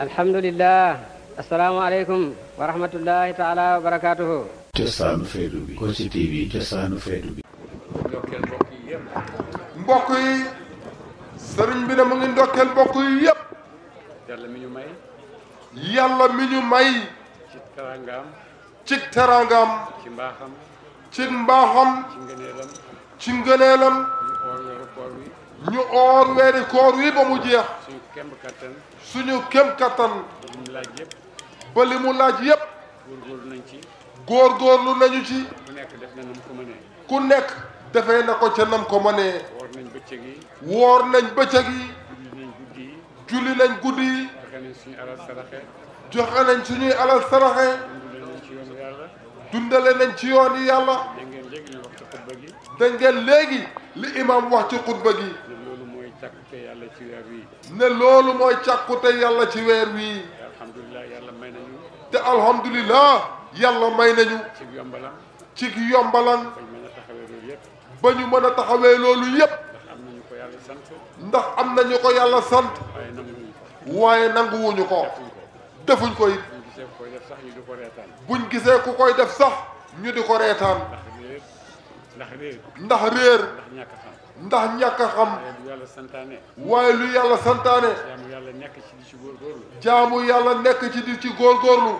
الحمد لله السلام عليكم ورحمة الله تعالى وبركاته جسانو فيدو بي كوشي تي بي جسانو فيدو بي مبوكي سرم بنا مغين دوكي البوكي يب يالا مينو ماي يالا مينو ماي چكترانغام چكترانغام چنباخم چنباخم چنگنيلم چنگنيلم ñu or wéri koor wi ba mu jeex suñu kemb kattan suñu kem kattan ba li mu laaj yépp góorgóorlu nañ ci góorgóorlu nañu ci ku nekk def na nam ko mënee ku nekk defee na ko ca nam ko mënee woor nañ bëccëg yi woor nañ bëccëg yi julli nañ guddi yi joxe nañ suñuy alal saraxe dundale nañ ci yoon yi yàlla da ngeen léegi li imam wax ci xutba gi càkkute yàlla ci weer wii ne loolu mooy càkkute yàlla ci weer wii alhamdulilah yàlla may nañu te alhamdulilah yàlla may nañu ci yombalan ci yombalan ba ñu mën a taxawee loolu yëpp ba ñu mën a taxawee loolu yëpp ndax am nañu ko yàlla sant ndax am nañu ko yàlla sant waaye nanguwuñu ko waaye nanguwuñu ko defuñ ko it buñ gisee ku koy def sax ñu di ko reetaan ndax réer ndax ñàkk a xam. waaye lu yàlla santaane. waaye lu yàlla santaane. jaamu yàlla nekk ci di ci góorgóorlu. jaamu yàlla nekk ci di ci góorgóorlu.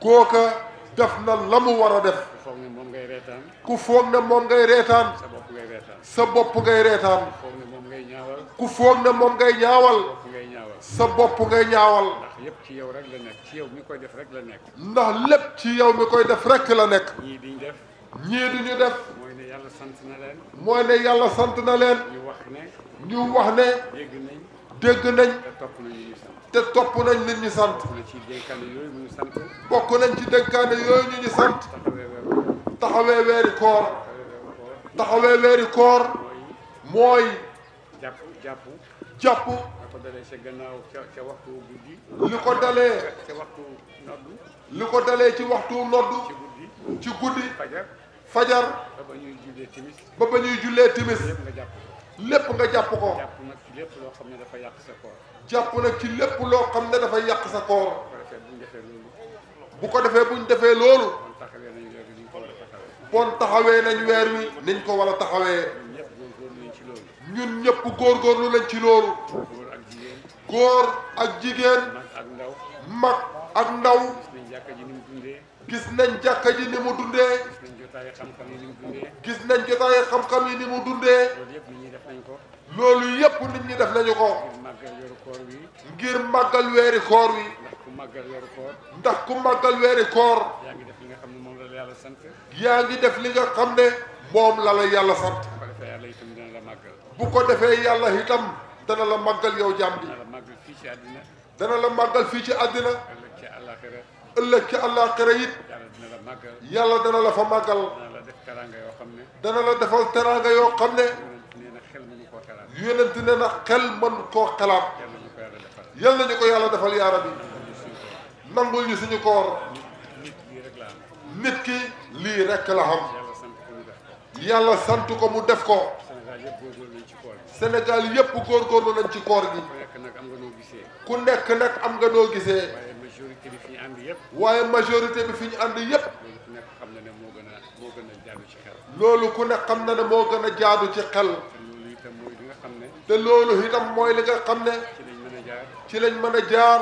kooka def na la ko war a def. kooka def na la mu war a def. ku foog ne moom ngay reetaan. ku foog ne moom ngay reetaan. sa bopp ngay reetaan. sa bopp ngay reetaan. ku foog ne moom ngay ñaawal. ku ngay ñaawal. sa bopp ngay ñaawal. ndax lépp ci yow rek la nekk ci yow mi koy def rek la nekk. ndax lépp ci def rek la nekk. ñii duñ def. def. ne yàlla sant na leen. mooy ne yàlla sant na leen. ñu wax ne. ñu wax ne. dégg nañ. dégg nañ. te topp nañ ñu sant. sant. bokk ci dénkaane yooyu ñu sant. bokk nañ ci dénkaane yooyu ñu ñu sant. taxawee weeri koor. taxawee weeri koor. mooy. jàpp jàpp. jàpp. li ko dalee gannaaw ca ca waxtu ko dalee. ca waxtu ci waxtu noddu. ci guddi. ci guddi. fajar ba ba ñuy jullee timis ba ñuy jullee timis lépp nga jàpp ko lépp jàpp ko jàpp nag ci lépp loo xam ne dafa yàq sa koor jàpp nag ci lépp loo xam ne dafa yàq sa koor bu ko defee bu buñ defee loolu bon taxawee nañ weer wi niñ ko war a taxawee ñun ñëpp góorgóorlu lañ ci loolu góor ak jigéen mag ak ndaw gis nañ jàkka ji ni mu dundee jotaayu xam-xam yi ni mu dundee. gis nañ jotaayu xam-xam yi ni mu dundee. loolu yëpp nit ñi def nañ ko. loolu yëpp nit ñi def nañu ko. ngir màggal weeru koor wi. ngir màggal weeri koor wi. ndax ku màggal weeru koor. ndax ku màggal weeri koor. yaa ngi def li nga xam ne moom la la yàlla sant. yaa ngi def li nga xam ne moom la la yàlla sant. bu ko defee yàlla itam dana la màggal. bu ko defee yàlla itam dana la màggal yow jàmm bi. dana la màggal fii ci àddina. dana la màggal fii ci àddina. ëllëg ci àllaaxira. ëllëg ci àllaaxira it dana la yàlla dana la fa màggal dana la def teranga yoo xam ne dana la defal teranga yoo xam ne nee na xel mënu koo xalaat yonent nee na xel mën koo xalaat yal na ñu ko yàlla defal yaara bi nangul ñu suñu koor nit ki lii rek la xam yàlla sant ko mu def ko Sénégal yëpp góorgóorlu nañ ci koor gi ku nekk nag am nga noo gisee majorité bi fi ànd yëpp. waaye majorité bi fi ñu ànd yëpp. loolu ku ne ci xam na ne moo gën a jaadu ci xel. te loolu itam mooy li nga xam ne. ci lañ mën a jaar.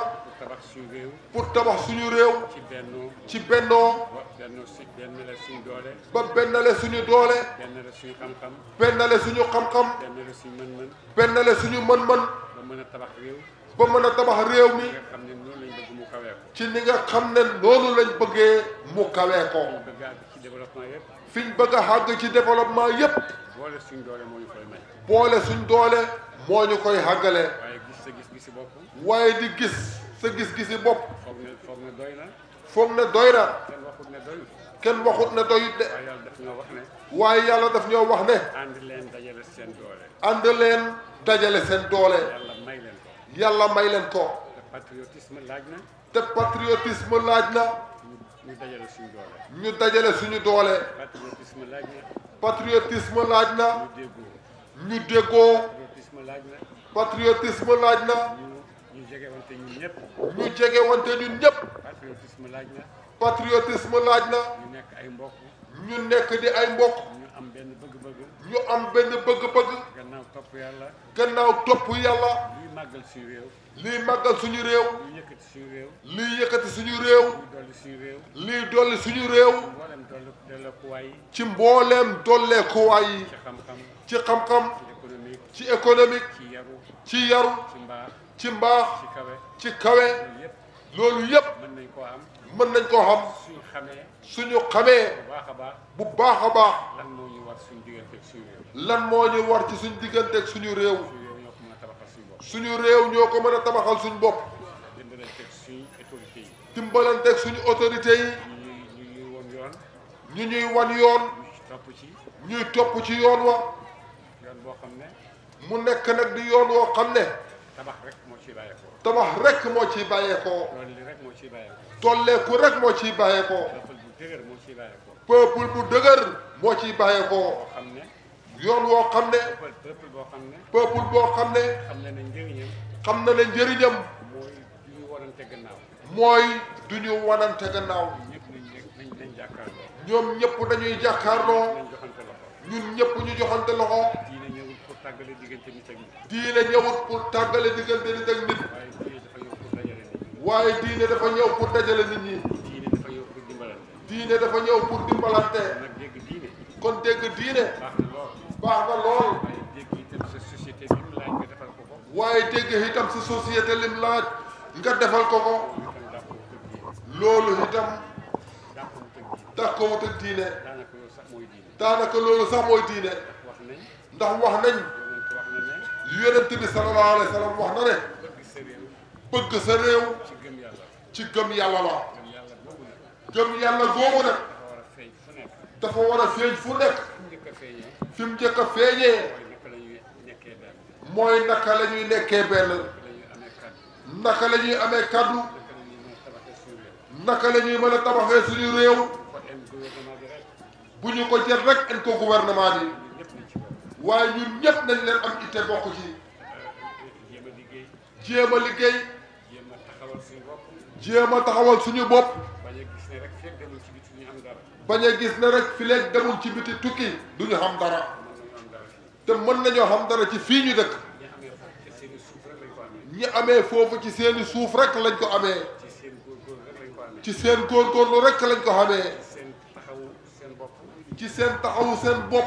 pour tabax suñu réew. ci bennoo. ci bennoo. ba benn le suñu doole. ba benn la suñu xam xam-xam. benn le suñu xam-xam. men mën-mën. ba mën a tabax réew mi ci ni nga xam ne loolu lañ bëggee mu kawee ko fi ñu bëgg a àgg ci développement yépp boole suñu doolee moo ñu koy may boole suñ doole moo ñu koy àggale waaye gis sa gis-gisi bopp waaye di gis sa gis-gisi bopp foog ne foog ne doy na foog ne doy na kenn waxut ne doyut kenn waxut ne doyut de waaye yàlla daf ñoo wax ne waaye yàlla daf ñoo wax ne ànd leen dajale seen doole ànd leen dajale seen doole yàlla may leen yàlla may leen ko. te patriotisme laaj na. te patriotisme laaj na. ñu dajale suñu doole. ñu dajale suñu doole. patriotisme laaj na. patriotisme laaj na. ñu déggoo. patriotisme laaj na. patriotisme laaj na. ñu jegewante ñun ñëpp. ñu jegewante ñun ñëpp. patriotisme laaj na. patriotisme laaj na. ñu nekk ay mbokk. ñu nekk di ay mbokk. ñu am benn bëgg. ñu am benn bëgg-bëgg. gannaaw topp yàlla. gannaaw topp yàlla. lii màggal suñu réew. lii suñu réew. lii yëkkati suñu réew. lii suñu réew. lii dolli suñu réew. réew. mboolem dolleekuwaay yi. ci mbooleem dolleekuwaay yi. ci xam-xam. ci xam-xam. ci économique. ci yaru. ci yaru. ci mbaax. ci ci kawe. ci kawe. loolu yëpp mën nañ koo am mën nañ koo xam suñu xamee suñu xamee bu baax a baax bu baax a baax lan moo ñu war suñu diggante ak suñu réew lan moo ñu war ci suñu diggante suñu réew suñu réew ñoo ko mën a tabaxal suñu bopp dimbalante ak suñu autorité yi ñu ñuy wan yoon ñu ñuy wan yoon ñuy topp ci yoon wa yoon boo xam ne mu nekk nag di yoon woo xam ne tabax rek moo ciy bàyyeekoo. tabax rek moo ciy bàyyeekoo. dolli rek moo ciy bàyyeekoo. dolleeku rek moo ciy bàyyeekoo. peuple bu dëgër moo ciy bàyyeekoo. peuple bu dëgër ciy bàyyeekoo. boo xam yoon woo xam ne. peuple boo xam ne. peuple boo xam ne. xam na ne njëriñam. xam na ne njëriñam. mooy du ñu wanante gannaaw. mooy du ñu ñëpp dañuy jàkkaarloo. ñun ñëpp ñu joxante loxo. tàggale diggante nit ak nit. diine ñëwut pour tàggale diggante nit ak nit. waaye diine dafa ñëw pour dajale nit ñi. diine dafa ñëw pour dimbalante. diine dafa ñëw pour dimbalante. kon dégg diine. baax na lool. waaye dégg itam si société lim laaj nga defal ko ko. loolu itam. dàqawut ak diine. daanaka loolu sax mooy diine. ndax wax nañ yonent bi sallallahu alayhi wa sallam wax na ne bëgg sa réew ci gëm yàlla la gëm yàlla googu nag dafa war a feeñ fu nekk fi mu njëkk a feeñee mooy naka la ñuy nekkee benn naka la ñuy amee kaddu naka la ñuy mën a tabaxee suñu réew bu ñu ko jël rek en ko gouvernement bi waaye ñun ñëpp nañ leen am itte bokk ci jéem a liggéey jéem a liggéey jéem a taxawal suñu bopp jéem taxawal suñu bopp bañ a gis ne rek fi leeg demul ci biti am dara bañ gis ne rek fi demul ci biti tukki duñu xam dara te mën nañoo xam dara ci fii ñu dëkk ñi amee foofu ci seeni suuf rek lañ ko amee ci seen góorgóorlu rek lañ ko xamee seen taxawu seen bopp ci seen taxawu seen bopp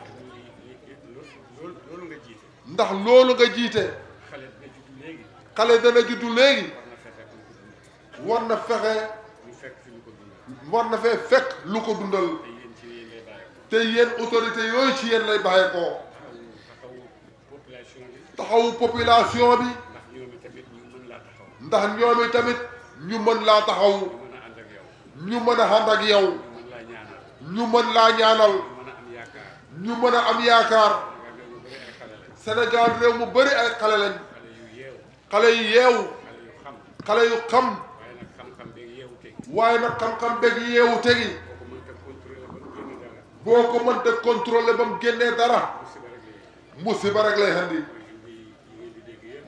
ndax loolu nga jiite xale dana juddu léegi xale dana juddu léegi war na fexe war na fee fekk lu ko dundal te yéen autorité yooyu ci yéen lay bàyyee ko taxawu population bi ndax ñoom i tamit ñu mën laa taxaw ñu mën a ànd ak yow ñu mën laa ñaanal ñu mën a am yaakaar Sénégal réew mu bëri ay xale lañ xale yu yeewu xale yu xam waaye nag xam-xam beeg yeewu tegi boo ko mënta contrôler ba mu génnee dara musiba rek lay andi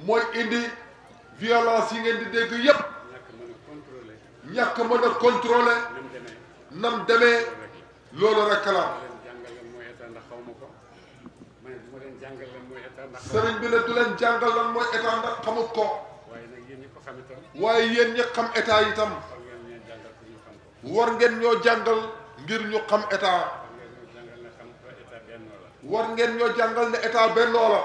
mooy indi violence yi ngeen di dégg yépp ñàkk mën a contrôler nam demee loolu rek la jàngal lan mooy état ndax. sëriñ bi ne du leen jàngal lan mooy état ndax xamut ko. waaye nag yéen ñi ko xam itam. waaye yéen ñi war ngeen ñoo jàngal ngir ñu xam état. war ngeen ñoo jàngal ne état bennoo la.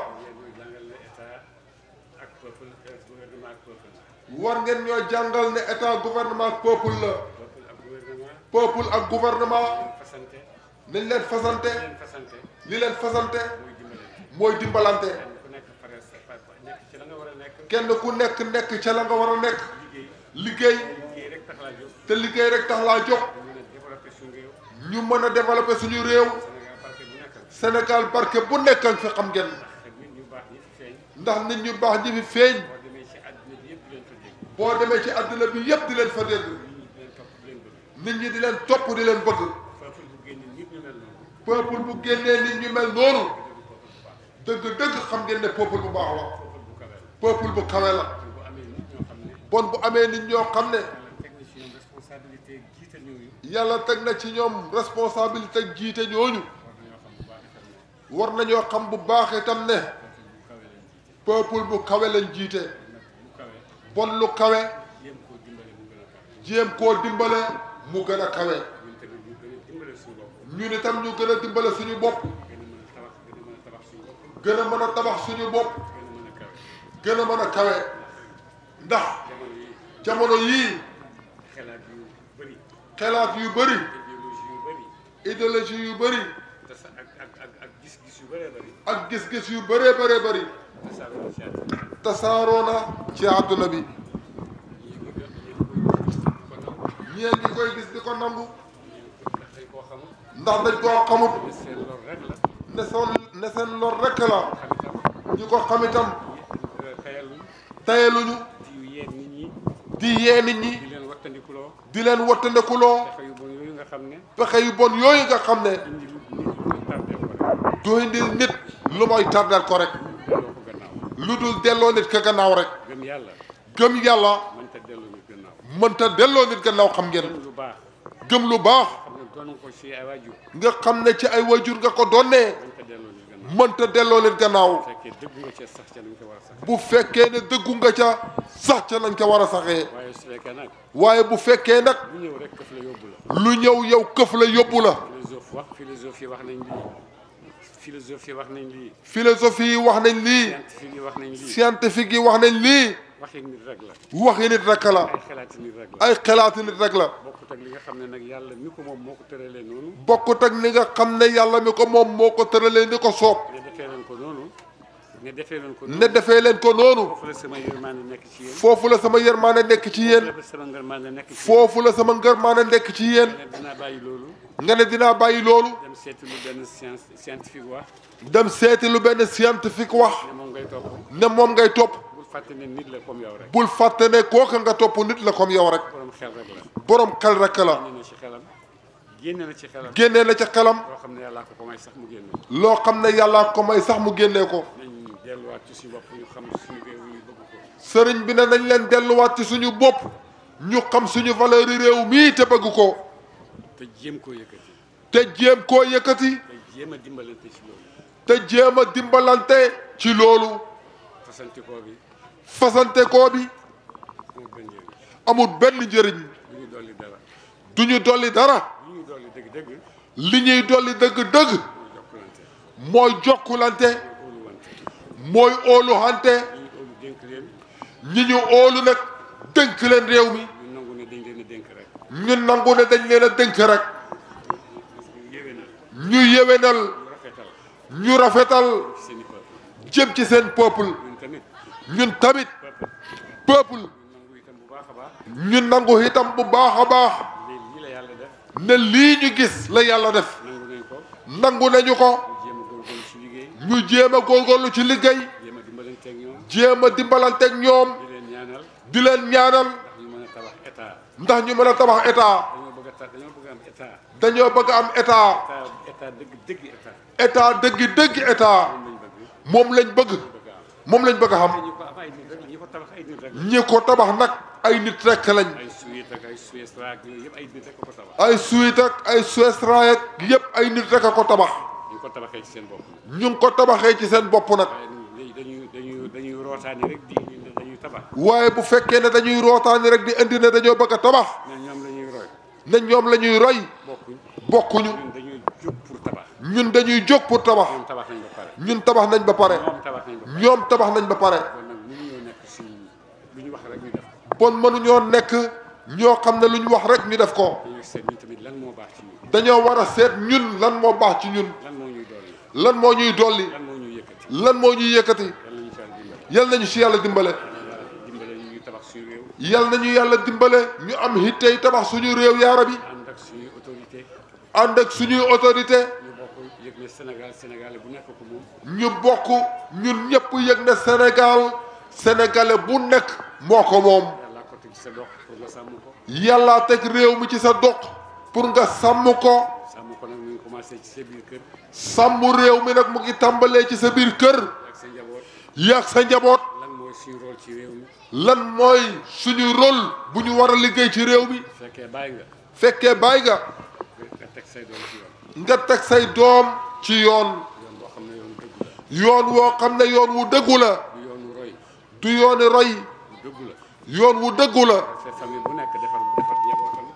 war ngeen ñoo jàngal ne état euh, gouvernement peuple la. peuple ak gouvernement. nañ leen fasante. li leen fasante. mooy dimbalante kenn ku nekk nekk ca la nga war a nekk liggéey te liggéey rek tax laa jóg ñu mën a développer suñu réew senegal barke bu nekk fi xam ngeen ndax nit ñu baax ñi fi feeñ boo demee ci àddina bi yépp di leen fa dégg nit ñi di leen topp di leen bëgg peuple bu génnee nit ñu mel noonu dëgg-dëgg xam ngeen ne peuple bu baax la peuple bu kawe la bon bu amee nit ñoo xam ne yàlla teg na ci ñoom responsabilité jiite ñooñu war nañoo xam bu baax itam ne peuple bu kawe lañ jiite bon lu kawe jéem koo dimbale mu gën a kawe ñu ne tam ñu gën a dimbale suñu bopp gëna mëna tabax suñu bop gëna mëna kawe ndax jamono yi xelaat yu bari idéologie yu bari ak gis-gis yu bëree bëri ak tasarona ci abdou nabi ñeen di koy gis di ko nangu ndax dañ ko xamul ne son ne seen lor rek la ñu ko xam itam tayaluñu di yee nit ñi di yee nit ñi di leen wattandikuloo di leen wattandikuloo pexe yu bon yooyu nga xam ne pexe yu bon yooyu nga xam ne du indil nit lu mooy tardeel ko rek lu dul delloo nit ka gannaaw rek gëm yàlla gëm yàlla mënta delloo nit gannaaw mënta delloo nit gannaaw xam ngeen gëm lu baax gëm baax nga xam ne ci ay waajur nga ko doonee mënta delloo leen gannaaw bu fekkee ne dëggu nga ca sax ca lañ ca war a saxee waaye bu fekkee nag lu ñëw yow këf la yóbbu la philosophie wax nañ lii philosophie wax nañ lii philosophie yi wax nañ lii scientifique yi wax nañ lii waxi nit rek la. waxi nit rek la. ay xalaati nit rek la. ay xalaati nit rek la. bokkut ak li nga xam ne nag yàlla mi ko moom moo ko tëralee noonu. bokkut ak li nga xam ne yàlla mi ko moom moo ko tëralee ni ko soob. ne defee leen ko noonu. ne defee leen ko noonu. ne defee leen ko noonu. foofu la sama yërmaande nekk ci yéen. foofu la sama yërmaande nekk ci yéen. foofu la sama ngërmaande nekk ci yéen. dinaa bàyyi loolu. nga ne dinaa bàyyi loolu. dem seeti lu benn scientifique wax. dem seeti lu benn scientifique wax. ne moom ngay topp. ne moom ngay topp. fàtte ne nit la comme rek. bul fàtte ne kooka nga topp nit la comme yow rek. borom xel rek la. xel rek la. génne na ci xelam na ci xelam. loo xam ne yàllaa ko may sax mu génne ko. xam ne yàllaa ko may sax mu génne ko. nañ delluwaat ci suñu bopp ñu xam suñu réew mi bëgg ko. sëriñ bi ne nañ leen delluwaat ci suñu bopp ñu xam suñu valeur réew mii te bëgg ko. te jéem koo yëkkati. te jéem koo yëkkati. te a dimbalante ci loolu. te jéem a dimbalante ci loolu. fasante koo bi. fasante koo bi amul benn njëriñ du ñu dolli dara li ñuy dolli dëgg-dëgg mooy jokkulante mooy óoluhante ñi ñu óolu nag dénk leen réew mi ñun nangu ne dañ leen a dénk rek ñu yewenal ñu rafetal jëm ci seen peuple ñun tamit peuple ñun nangu tam bu baax a baax ne lii ñu gis la yàlla def nangu nañu ko ñu jéem a góorgóorlu ci liggéey jéem a dimbalanteeg ñoom di leen ñaanal ndax ñu mën a tabax état dañoo bëgg am état état dëgg dëgg état moom lañ bëgg moom lañ bëgg a xam ñi ko tabax nag ay nit rek lañ. ay suite ak ay Suez ak yëpp ay nit rek ko tabax. ay suite ak ay Suez yëpp ay nit rek a ko tabax. ñu ngi ko tabaxee ci seen bopp. ñu ko tabaxee ci seen bopp nag. dañuy dañuy dañuy rootaani rek di dañuy tabax. waaye bu fekkee ne dañuy rootaani rek di indi ne dañoo bëgg a tabax. na ñoom la ñuy roy. na ñoom la ñuy roy. bokkuñu bokkuñu. ñun dañuy jóg pour tabax. ñun tabax nañ ba pare. ñoom tabax nañ ba pare. bon mënuñoo nekk ñoo xam ne lu ñu wax rek ñu def ko. dañoo war a seet ñun lan moo baax ci ñun. lan moo ñuy dolli. lan moo ñuy yëkkati. yal nañu ci yàlla dimbale. yal nañu yàlla dimbale ñu am hittey tabax suñu réew yaara bi. ànd ak suñuy autorité. ne Sénégal bu nekk ko moom. ñu bokk ñun ñëpp yëg na Sénégal sénégalais bu nekk moo ko moom. yàllaa teg sa dox pour nga ko. yàllaa teg réew mi ci sa doq pour nga sàmm ko. sàmm ko nag commencé ci sa biir kër. sàmm réew mi nag mu ngi tàmbalee ci sa biir kër. yaag sa njaboot. sa njaboot. lan mooy suñu rôle ci lan mooy suñu rôle bu ñu war a liggéey ci réew mi. fekkee bàyyi nga. fekkee bàyyi nga. nga teg say doom ci yoon yoon woo xam ne yoon wu dëggu la du yooni roy yoon wu dëggu la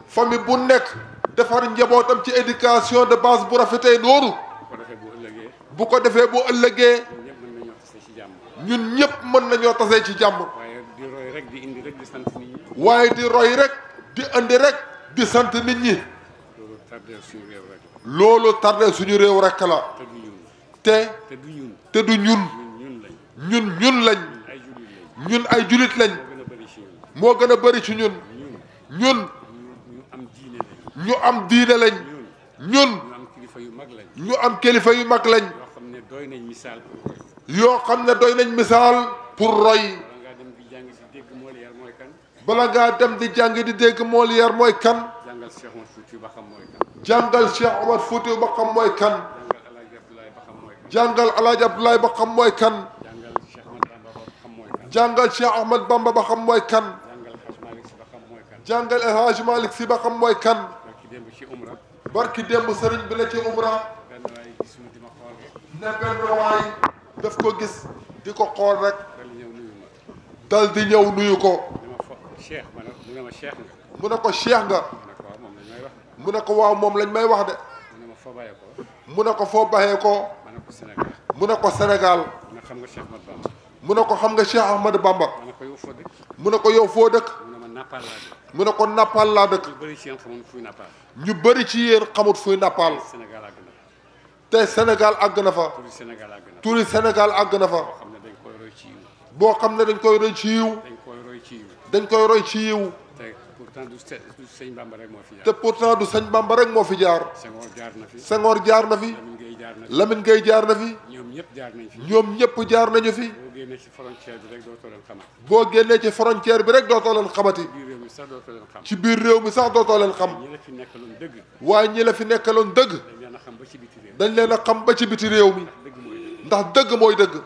famille bu nekk defar njabootam ci éducation de base bu rafetee noonu bu ko defee bu ëllëgee ñun ñëpp mën nañoo tasee ci jàmm waaye di roy rek di indi rek di sant nit waaye di roy rek di indi rek di sant nit ñi loolu tardé suñu réew rekk la. te te du ñun. te du ñun. ñun ñun lañ. ñun ay julit lañ. moo gën a bëri ci ñun. ñun. ñu am diine lañ. ñun. ñu am kilifa yu mag lañ. yoo xam ne doy nañ misaal yoo xam ne doy nañ misaal pour roy. bala ngaa dem di jàng di dégg mool yar mooy kan. jàngal Cheikh Omar Foutiou ba xam mooy kan. jàngal Cheikh Omar Foutiou ba xam mooy kan. jàngal El Hadj Abdoulaye ba xam mooy kan. jàngal Cheikh Ahmad Bamba ba xam mooy kan. jàngal El Hadj Malick Sy ba xam mooy kan. barki démb sëriñ bi la ci umra. ne benn waay daf ko gis di ko xool rek. dal di ñëw nuyu ko. mu ne ko cheikh nga. mu ne ko cheikh nga. mu ne ko waaw moom lañ may wax de. mu ne ma foo bàyyee ko. mu ko foo bàyyee ko. mu ne ko Sénégal. mu ne ko Sénégal. mu ne xam nga Cheikh Ahmad Bamba. mu ne ko xam nga Cheikh Ahmad Bamba. mu ne ko yow foo dëkk. mu ne ko yow foo dëkk. mu ne ma Nappal laa dëkk. mu ne ko Nappal laa dëkk. ñu bëri ci yéen xamut fuy Nappal. ñu bëri ci yéen xamut fuy Nappal. te Sénégal àgg na fa. turi Sénégal àgg na fa. turi Sénégal àgg na fa. boo xam ne dañ koy roy ci boo xam ne dañ koy roy ci yiw. dañ koy roy ci yiw. pourtant du sëñ Bamba rek moo fi jaar. te pourtant du sëñ Bamba rek moo fi jaar. Senghor jaar na fi. Senghor jaar na fi. Lamine Gueye jaar na fi. jaar na fi. ñoom ñëpp jaar nañ fi. ñëpp jaar nañu fi. boo génnee ci frontière bi rek dootoo leen xamati. boo génnee ci frontière bi rek dootoo leen xamati. ci biir réew mi sax dootoo leen xam. ci biir réew mi sax dootoo leen la fi nekkaloon dëgg. waaye ñi la fi nekkaloon dëgg. dañ leen xam ba ci biti réew. dañ xam ba ci biti réew mi. ndax dëgg mooy dëgg.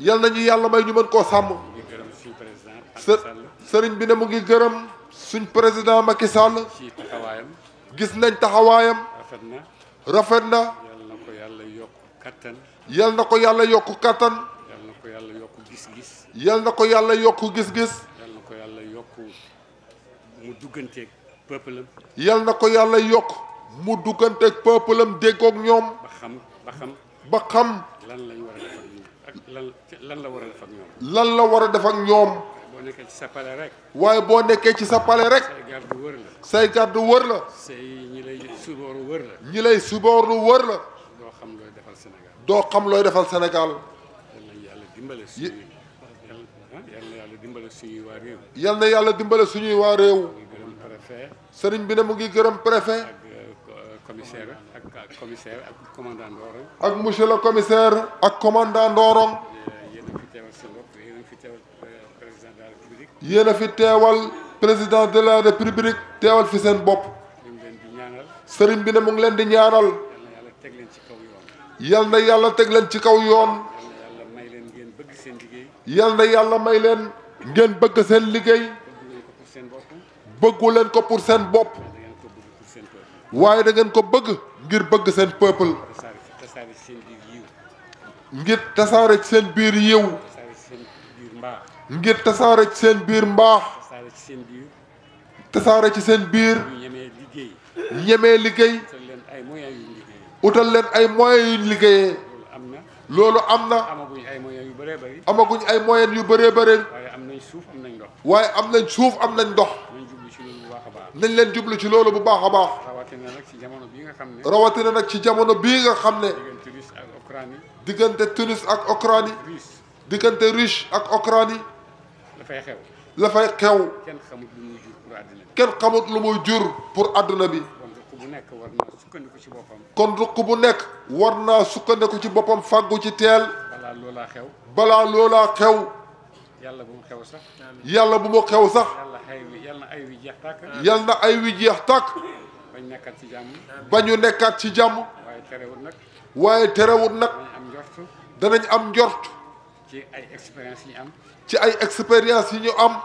yal nañu yàlla may ñu mën koo sàmm sëriñ bi ne mu ngi gërëm suñ président Macky Sall. ci taxawaayam. gis nañ taxawaayam. rafet na. rafet na. yal na ko yàlla yokk kattan. yal na ko yàlla yokk kattan. yàlla yokk gis-gis. yal na ko yàlla yokk gis-gis. yal na ko yàlla yokku mu dugganteeg peuple am. ko yàlla yokk mu dugganteeg peuple am ñoom. ba xam lan lañ war a def lan la war a def ak ñoom. lan la war a def ak ñoom. nekkee ci rek. waaye boo nekkee ci sa pale rek. say garde wër la. say garde wër la. say ñi lay subooru wër la. ñi lay wër la. doo xam looy defal Sénégal. doo xam looy defal Sénégal. yal na yàlla dimbale suñuy ah, waa réew. yal na yàlla dimbale suñuy waa réew. bi ne mu ngi gërëm préfet. ak euh, commissaire ak commissaire ak commandant Ndorong. ak monsieur le yéen a fi teewal président de la république teewal fi seen bopp. sëriñ bi ne mu ngi leen di ñaanal. yal na yàlla teg leen ci kaw yoon. yal na yàlla may leen ngeen bëgg seen liggéey. bëggu leen ko pour seen bopp. waaye da ngeen ko bëgg ngir bëgg seen peuple. ngir tasaare ci seen biir yiw. ngir tasaare ci seen biir mbaax. tasaare ci seen biir. tasaare ci seen biir. ñemee liggéey. ñemee liggéey. utal leen ay moyens yu liggéeyee. leen ay moyens yu liggéeyee. loolu am na. amaguñ ay moyens yu bëree bëri. amaguñ ay moyens yu bëree bëri. waaye am nañ suuf am nañ ndox. waaye am nañ suuf am nañ ndox. nañ jublu ci loolu bu a nañ leen jublu ci loolu bu baax a baax. rawatina nag ci jamono bii nga xam ne. rawatina nag ci jamono bii xam ne. diggante Tunis ak Ukraine. diggante Tunis ak Ukraine. diggante dafay xew. dafay xew. kenn xamut lu muy jur pour àddina bi. jur pour àddina bi. kon ruq bu nekk war naa sukkandiku ci boppam. kon ruq bu nekk. war naa sukkandiku ci boppam fàggu ci teel. balaa loolaa xew. balaa loolaa xew. yàlla bu mu xew sax. yàlla bu mu xew sax. yàlla ay wi yàlla na ay wi jeex tàkk. yàlla na ay wi jeex tàkk. ba ñu nekkaat ci jàmm. ba ñu nekkaat ci jàmm. waaye terewut nag. waaye terewut nag. danañ am njort. danañ am njort. ci ay expérience yi ñu am. ci ay expérience yi ñu am.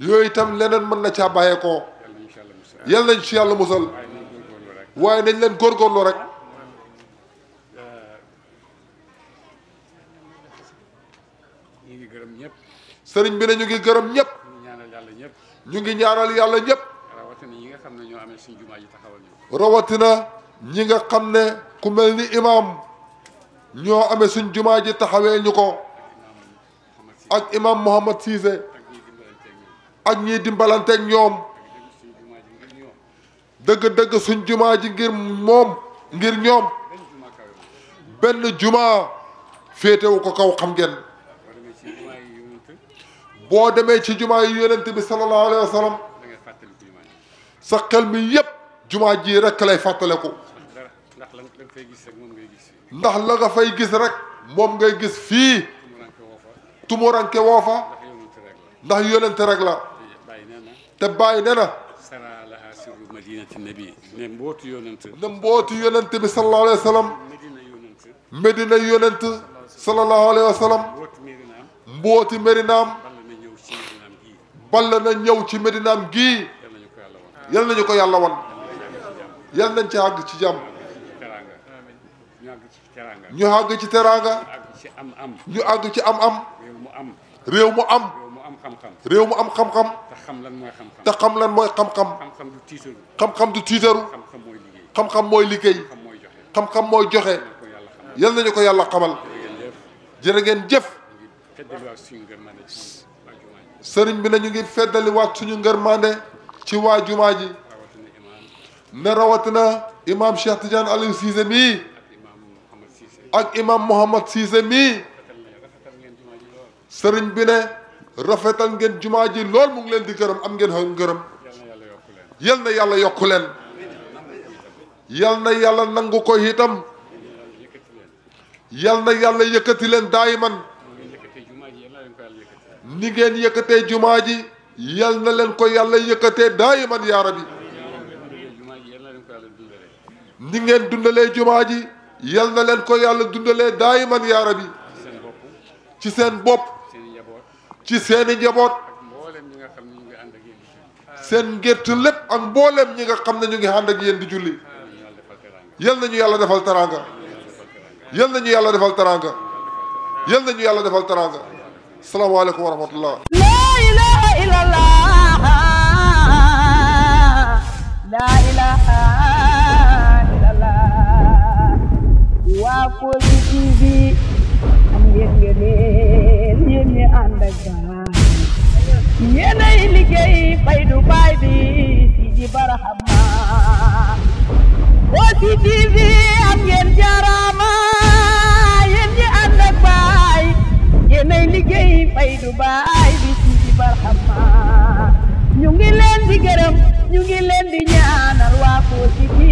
yooyu itam leneen mën na caa bàyyeekoo. yooyu itam leneen mën na caa bàyyeekoo. yal nañ ci yàlla musal. waaye nañ leen góorgóorlu rek. ñu ngi gërëm ñëpp. sëriñ bi ne ñu ngi gërëm ñëpp. ñu ngi ñaanal yàlla ñëpp. ñu ngi yàlla ñëpp. rawatina ñi nga xam ne ñoo amee suñu jumaa ji taxawal rawatina ñi nga xam ne ku mel ni imaam. ñoo amee suñ jumaa ji taxawee ñu ak imam Mouhamad Cissé ak ñiy dimbalanteeg ñoom dëgg-dëgg suñ jumaa ji ngir moom ngir ñoom benn jumaa féetewu ko kaw xam ngeen boo demee ci jumaa yi yonent bi sallallahu alayhi wa sa xel mi yépp jumaa ji rekk lay fàttaleku ndax la fay gis ak moom ngay gis ndax la nga fay gis rek moom ngay gis fii tumuranke woofa ndax yónente rek la te bàyyi ne na sara laha sirru madinati nabi ne mbooti yónente ne mbooti yónente bi sallallahu alayhi wa sallam medina yónente sallallahu alayhi wa sallam mbooti merinaam balla na ñëw ci medinaam gii yal nañu ko yàlla wan yal nañ ci àgg ci jàmm ñu àgg ci teraanga. ñu àgg ci am-am. réew mu am. réew mu am. réew mu am xam-xam. te lan mooy xam-xam. te xam lan mooy xam-xam. xam-xam du tiitaru. xam-xam du tiitaru. xam-xam mooy liggéey. xam-xam mooy joxe. yal nañu ko yàlla xamal. jërë ngeen jëf. sëriñ bi nañu ngi feddaliwaat suñu ngërmande ci waa jumaa ji ne rawatina imaam Cheikh Tidiane Aliou Cissé mii ak imam Mouhamad Cissé mii sëriñ bi ne rafetal ngeen jumaa ji lool mu ngi leen di gërëm am ngeen xëy ngërëm yal na yàlla yokku leen yal na yàlla nangu ko itam yal na yàlla yëkkati leen daayiman ni ngeen yëkkatee jumaa ji yal na leen ko yàlla yëkkatee daayiman yaa rabbi ni ngeen dundalee jumaa ji yal na leen ko yàlla dundalee daayiman yaa rabi ci seen bopp ci seeni njaboot seen ngétt lépp ak mbooleem ñi nga xam ne ñu ngi ànd ak yéen di julli yal nañu yàlla defal teraanga yal nañu yàlla defal teraanga yal nañu yàlla defal teraanga salaamaaleykum wa rahmatullah laa ilaha illallah laa ilaha Kossy TV am ngeen ngeen yéen ñi ànd baay yéenay liggéey faydu baay bi si ji barahama Kossy TV am ngeen jaaraama yéen ñi ànd baay yéenay liggéey faydu baay bi si ji barahama ñu leen di gërëm ñu leen di ñaanal waa Kossy TV